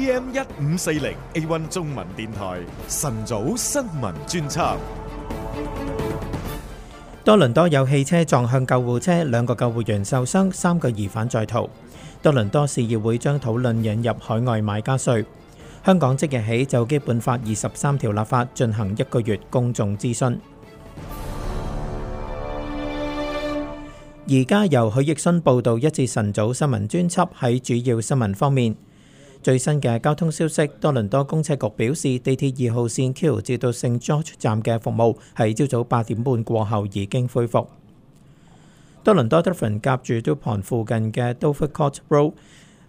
AM 一五四零 A. One 中文電台晨早新聞專輯：多倫多有汽車撞向救護車，兩個救護員受傷，三個疑犯在逃。多倫多市議會將討論引入海外買家稅。香港即日起就《基本法》二十三條立法進行一個月公眾諮詢。而家由許逸勳報道一至晨早新聞專輯。喺主要新聞方面。最新嘅交通消息，多倫多公車局表示，地鐵二號線 Q 至到聖 George 站嘅服務，喺朝早八點半過後已經恢復。多倫多德芬夾住 Dupont 附近嘅 Dovercourt Road。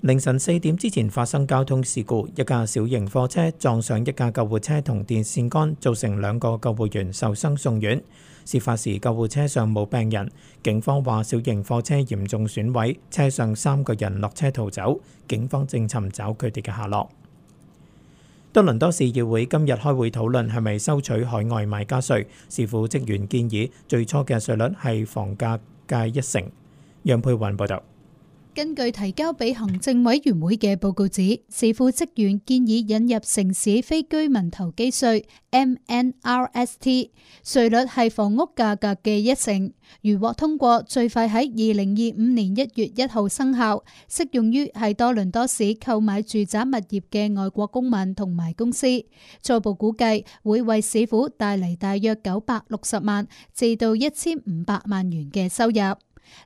凌晨四點之前發生交通事故，一架小型貨車撞上一架救護車同電線桿，造成兩個救護員受傷送院。事發時救護車上冇病人。警方話小型貨車嚴重損毀，車上三個人落車逃走，警方正尋找佢哋嘅下落。多倫多市議會今日開會討論係咪收取海外買家稅，市府職員建議最初嘅稅率係房價介一成。楊佩雲報道。根據提交俾行政委員會嘅報告指，市府職員建議引入城市非居民投機稅 （MNRST），稅率係房屋價格嘅一成。如獲通過，最快喺二零二五年一月一號生效，適用於喺多倫多市購買住宅物業嘅外國公民同埋公司。初步估計會為市府帶嚟大約九百六十萬至到一千五百萬元嘅收入。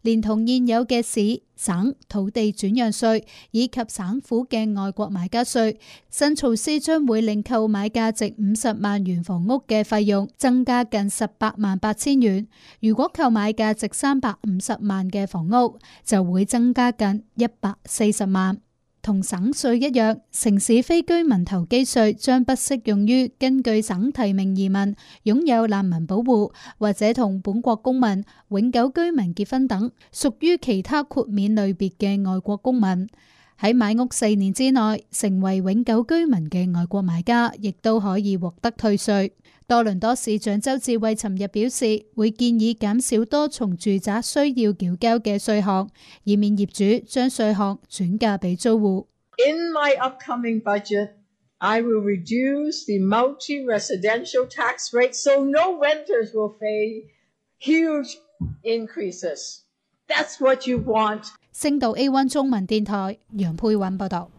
連同現有嘅市省土地轉讓稅以及省府嘅外國買家稅，新措施將會令購買價值五十萬元房屋嘅費用增加近十八萬八千元。如果購買價值三百五十萬嘅房屋，就會增加近一百四十萬。同省稅一樣，城市非居民投機稅將不適用於根據省提名移民、擁有難民保護或者同本國公民永久居民結婚等屬於其他豁免類別嘅外國公民。喺買屋四年之內成為永久居民嘅外國買家，亦都可以獲得退稅。多倫多市長鄒至蕙尋日表示，會建議減少多重住宅需要繳交嘅稅項，以免業主將稅項轉嫁畀租戶。星島 A1 中文電台，楊佩韻報導。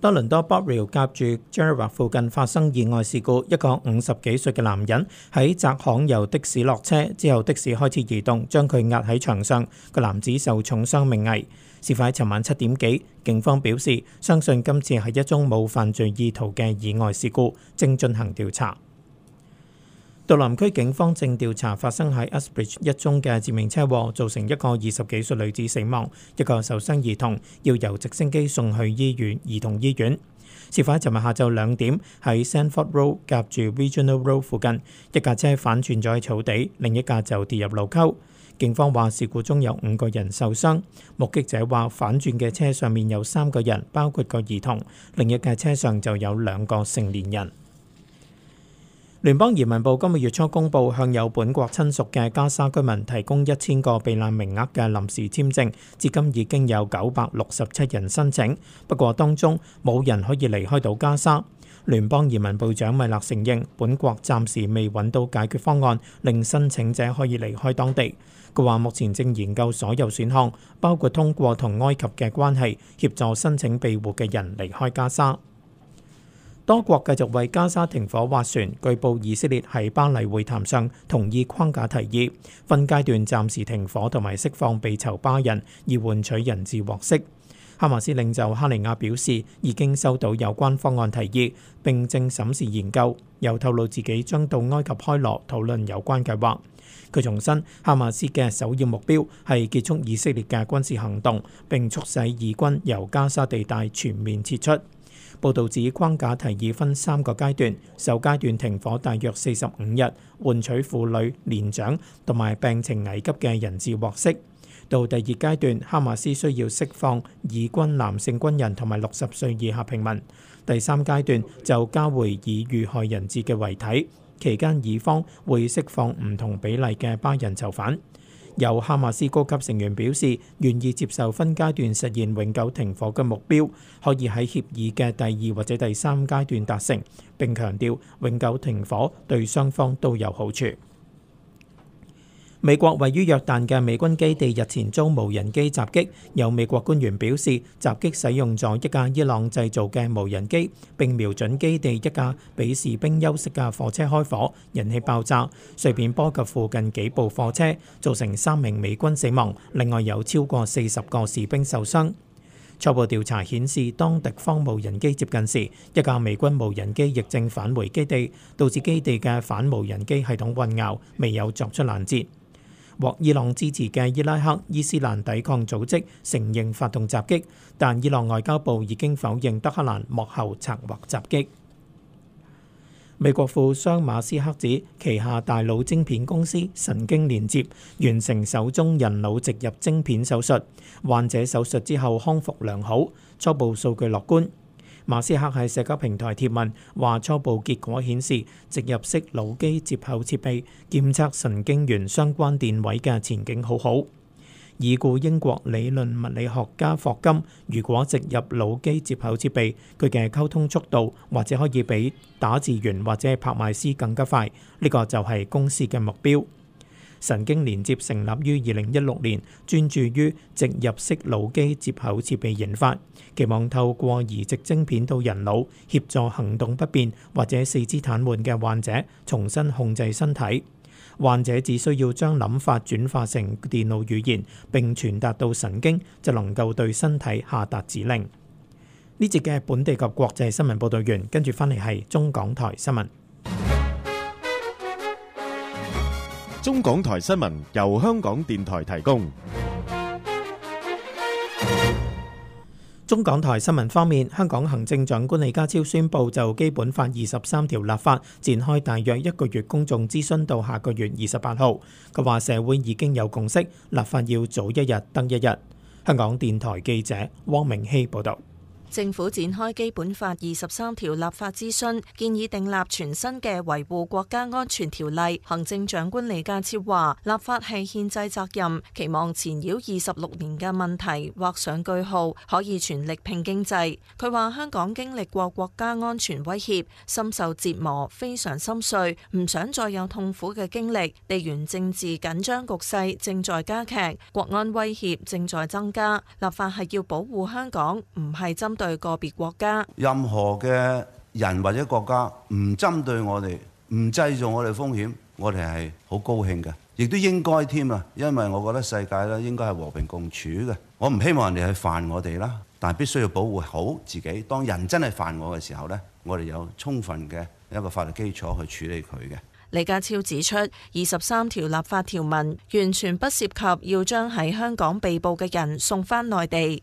多倫多 b u r r i 住 j e r v i k 附近發生意外事故，一個五十幾歲嘅男人喺窄巷由的士落車之後，的士開始移動，將佢壓喺牆上，個男子受重傷命危。事發昨晚七點幾，警方表示相信今次係一宗冇犯罪意圖嘅意外事故，正進行調查。杜林區警方正調查發生喺 Uxbridge 一宗嘅致命車禍，造成一個二十幾歲女子死亡，一個受傷兒童要由直升機送去醫院兒童醫院。事發喺尋日下晝兩點喺 Sandford Road 夾住 Regional Road 附近，一架車反轉咗喺草地，另一架就跌入路溝。警方話事故中有五個人受傷。目擊者話反轉嘅車上面有三個人，包括個兒童，另一架車上就有兩個成年人。聯邦移民部今個月初公布，向有本國親屬嘅加沙居民提供一千個避難名額嘅臨時簽證，至今已經有九百六十七人申請，不過當中冇人可以離開到加沙。聯邦移民部長米勒承認，本國暫時未揾到解決方案，令申請者可以離開當地。佢話目前正研究所有選項，包括通過同埃及嘅關係協助申請庇護嘅人離開加沙。多國繼續為加沙停火斡旋，據報以色列喺巴黎會談上同意框架提議，分階段暫時停火同埋釋放被囚巴人，以換取人質獲釋。哈馬斯領袖哈尼亞表示，已經收到有關方案提議，並正審視研究，又透露自己將到埃及開羅討論有關計劃。佢重申，哈馬斯嘅首要目標係結束以色列嘅軍事行動，並促使以軍由加沙地帶全面撤出。報道指框架提議分三個階段，首階段停火大約四十五日，換取婦女、年長同埋病情危急嘅人質獲釋；到第二階段，哈馬斯需要釋放以軍男性軍人同埋六十歲以下平民；第三階段就交回已遇害人質嘅遺體，期間以方會釋放唔同比例嘅巴人囚犯。有哈馬斯高級成員表示，願意接受分階段實現永久停火嘅目標，可以喺協議嘅第二或者第三階段達成。並強調，永久停火對雙方都有好處。美國位於約旦嘅美軍基地日前遭無人機襲擊，有美國官員表示，襲擊使用咗一架伊朗製造嘅無人機，並瞄準基地一架俾士兵休息嘅貨車開火，引起爆炸，隨便波及附近幾部貨車，造成三名美軍死亡，另外有超過四十個士兵受傷。初步調查顯示，當敵方無人機接近時，一架美軍無人機亦正返回基地，導致基地嘅反無人機系統混淆，未有作出攔截。獲伊朗支持嘅伊拉克伊斯蘭抵抗組織承認發動襲擊，但伊朗外交部已經否認德黑蘭幕後策劃襲擊。美國富商馬斯克指，旗下大腦晶片公司神經連接完成首宗人腦植入晶片手術，患者手術之後康復良好，初步數據樂觀。馬斯克喺社交平台貼文，話初步結果顯示，植入式腦機接口設備檢測神經元相關電位嘅前景好好。已故英國理論物理學家霍金，如果植入腦機接口設備，佢嘅溝通速度或者可以比打字員或者拍賣師更加快。呢、這個就係公司嘅目標。神經連接成立於二零一六年，專注於植入式腦機接口設備研發，期望透過移植晶片到人腦，協助行動不便或者四肢癱瘓嘅患者重新控制身體。患者只需要將諗法轉化成電腦語言，並傳達到神經，就能夠對身體下達指令。呢節嘅本地及國際新聞報道員，跟住翻嚟係中港台新聞。中港台新聞由香港電台提供。中港台新聞方面，香港行政長官李家超宣布就基本法二十三條立法展開大約一個月公眾諮詢，到下個月二十八號。佢話社會已經有共識，立法要早一日登一日。香港電台記者汪明熙報道。政府展開《基本法》二十三條立法諮詢，建議訂立全新嘅維護國家安全條例。行政長官李家超話：立法係憲制責任，期望纏繞二十六年嘅問題畫上句號，可以全力拼經濟。佢話：香港經歷過國家安全威脅，深受折磨，非常心碎，唔想再有痛苦嘅經歷。地緣政治緊張局勢正在加劇，國安威脅正在增加。立法係要保護香港，唔係針對對個別國家，任何嘅人或者國家唔針對我哋，唔製造我哋風險，我哋係好高興嘅，亦都應該添啊。因為我覺得世界咧應該係和平共處嘅。我唔希望人哋去犯我哋啦，但係必須要保護好自己。當人真係犯我嘅時候呢，我哋有充分嘅一個法律基礎去處理佢嘅。李家超指出，二十三條立法條文完全不涉及要將喺香港被捕嘅人送翻內地。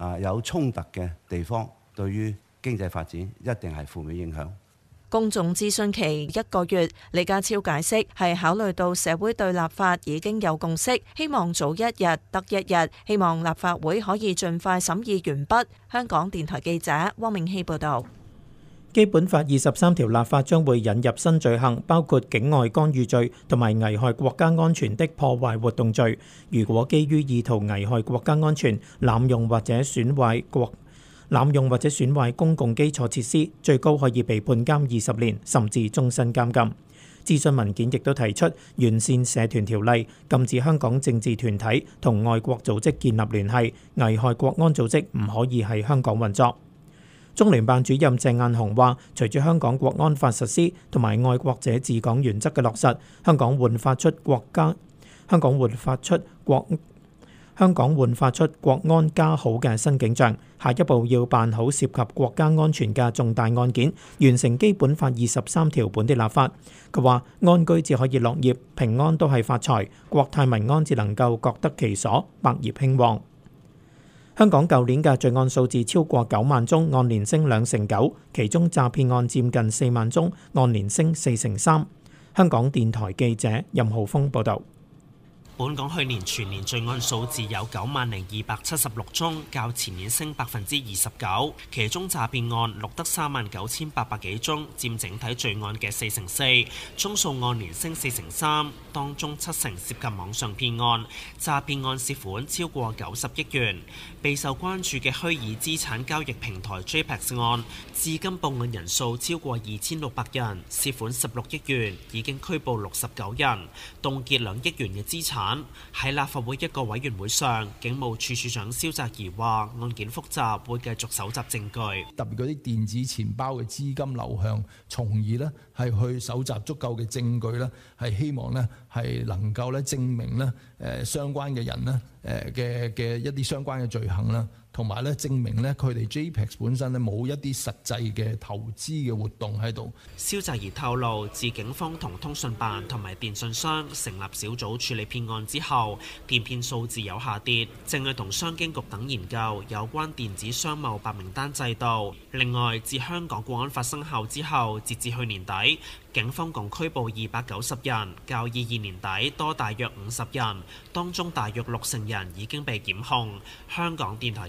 啊！有衝突嘅地方，對於經濟發展一定係負面影響。公眾諮詢期一個月，李家超解釋係考慮到社會對立法已經有共識，希望早一日得一日，希望立法會可以盡快審議完畢。香港電台記者汪明熙報導。基本法二十三條立法將會引入新罪行，包括境外干預罪同埋危害國家安全的破壞活動罪。如果基於意圖危害國家安全、濫用或者損壞國濫用或者損壞公共基礎設施，最高可以被判監二十年，甚至終身監禁。諮詢文件亦都提出，完善社團條例，禁止香港政治團體同外國組織建立聯繫，危害國安組織唔可以喺香港運作。中聯辦主任鄭雁雄話：隨住香港國安法實施同埋愛國者治港原則嘅落實，香港煥發出國家香港煥發出國香港煥發出國安家好嘅新景象。下一步要辦好涉及國家安全嘅重大案件，完成基本法二十三條本地立法。佢話：安居至可以樂業，平安都係發財，國泰民安至能夠各得其所，百業興旺。香港舊年嘅罪案數字超過九萬宗，按年升兩成九，其中詐騙案佔近四萬宗，按年升四成三。香港電台記者任浩峰報道。本港去年全年罪案數字有九萬零二百七十六宗，較前年升百分之二十九。其中詐騙案錄得三萬九千八百幾宗，佔整體罪案嘅四成四，宗數按年升四成三。當中七成涉及網上騙案，詐騙案涉款超過九十億元。備受關注嘅虛擬資產交易平台 JPEX 案，至今報案人數超過二千六百人，涉款十六億元，已經拘捕六十九人，凍結兩億元嘅資產。喺立法會一個委員會上，警務處處長蕭澤頤話：案件複雜，會繼續蒐集證據，特別嗰啲電子錢包嘅資金流向，從而呢係去蒐集足夠嘅證據呢，係希望呢係能夠呢證明呢誒相關嘅人呢誒嘅嘅一啲相關嘅罪行啦。同埋咧，證明咧，佢哋 JPEX 本身咧冇一啲實際嘅投資嘅活動喺度。蕭澤頤透露，自警方同通訊辦同埋電訊商成立小組處理騙案之後，電騙數字有下跌，正係同商經局等研究有關電子商貿白名單制度。另外，自香港國安發生後之後，截至去年底，警方共拘捕二百九十人，較二二年底多大約五十人，當中大約六成人已經被檢控。香港電台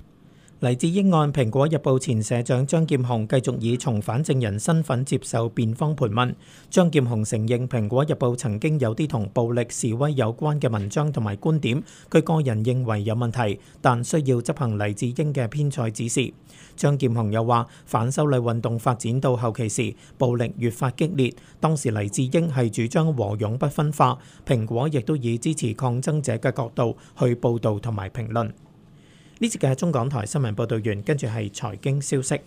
黎智英案，蘋果日報前社長張劍虹繼續以從犯證人身份接受辯方盤問。張劍虹承認蘋果日報曾經有啲同暴力示威有關嘅文章同埋觀點，佢個人認為有問題，但需要執行黎智英嘅編採指示。張劍虹又話，反修例運動發展到後期時，暴力越發激烈，當時黎智英係主張和勇不分化，蘋果亦都以支持抗爭者嘅角度去報導同埋評論。呢節嘅係中港台新聞報道完，跟住係財經消息。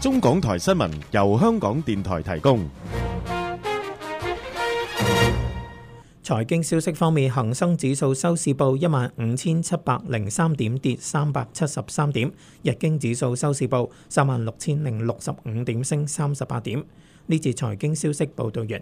中港台新聞由香港電台提供。財經消息方面，恒生指數收市報一萬五千七百零三點，跌三百七十三點；日經指數收市報三萬六千零六十五點，升三十八點。呢節財經消息報道完。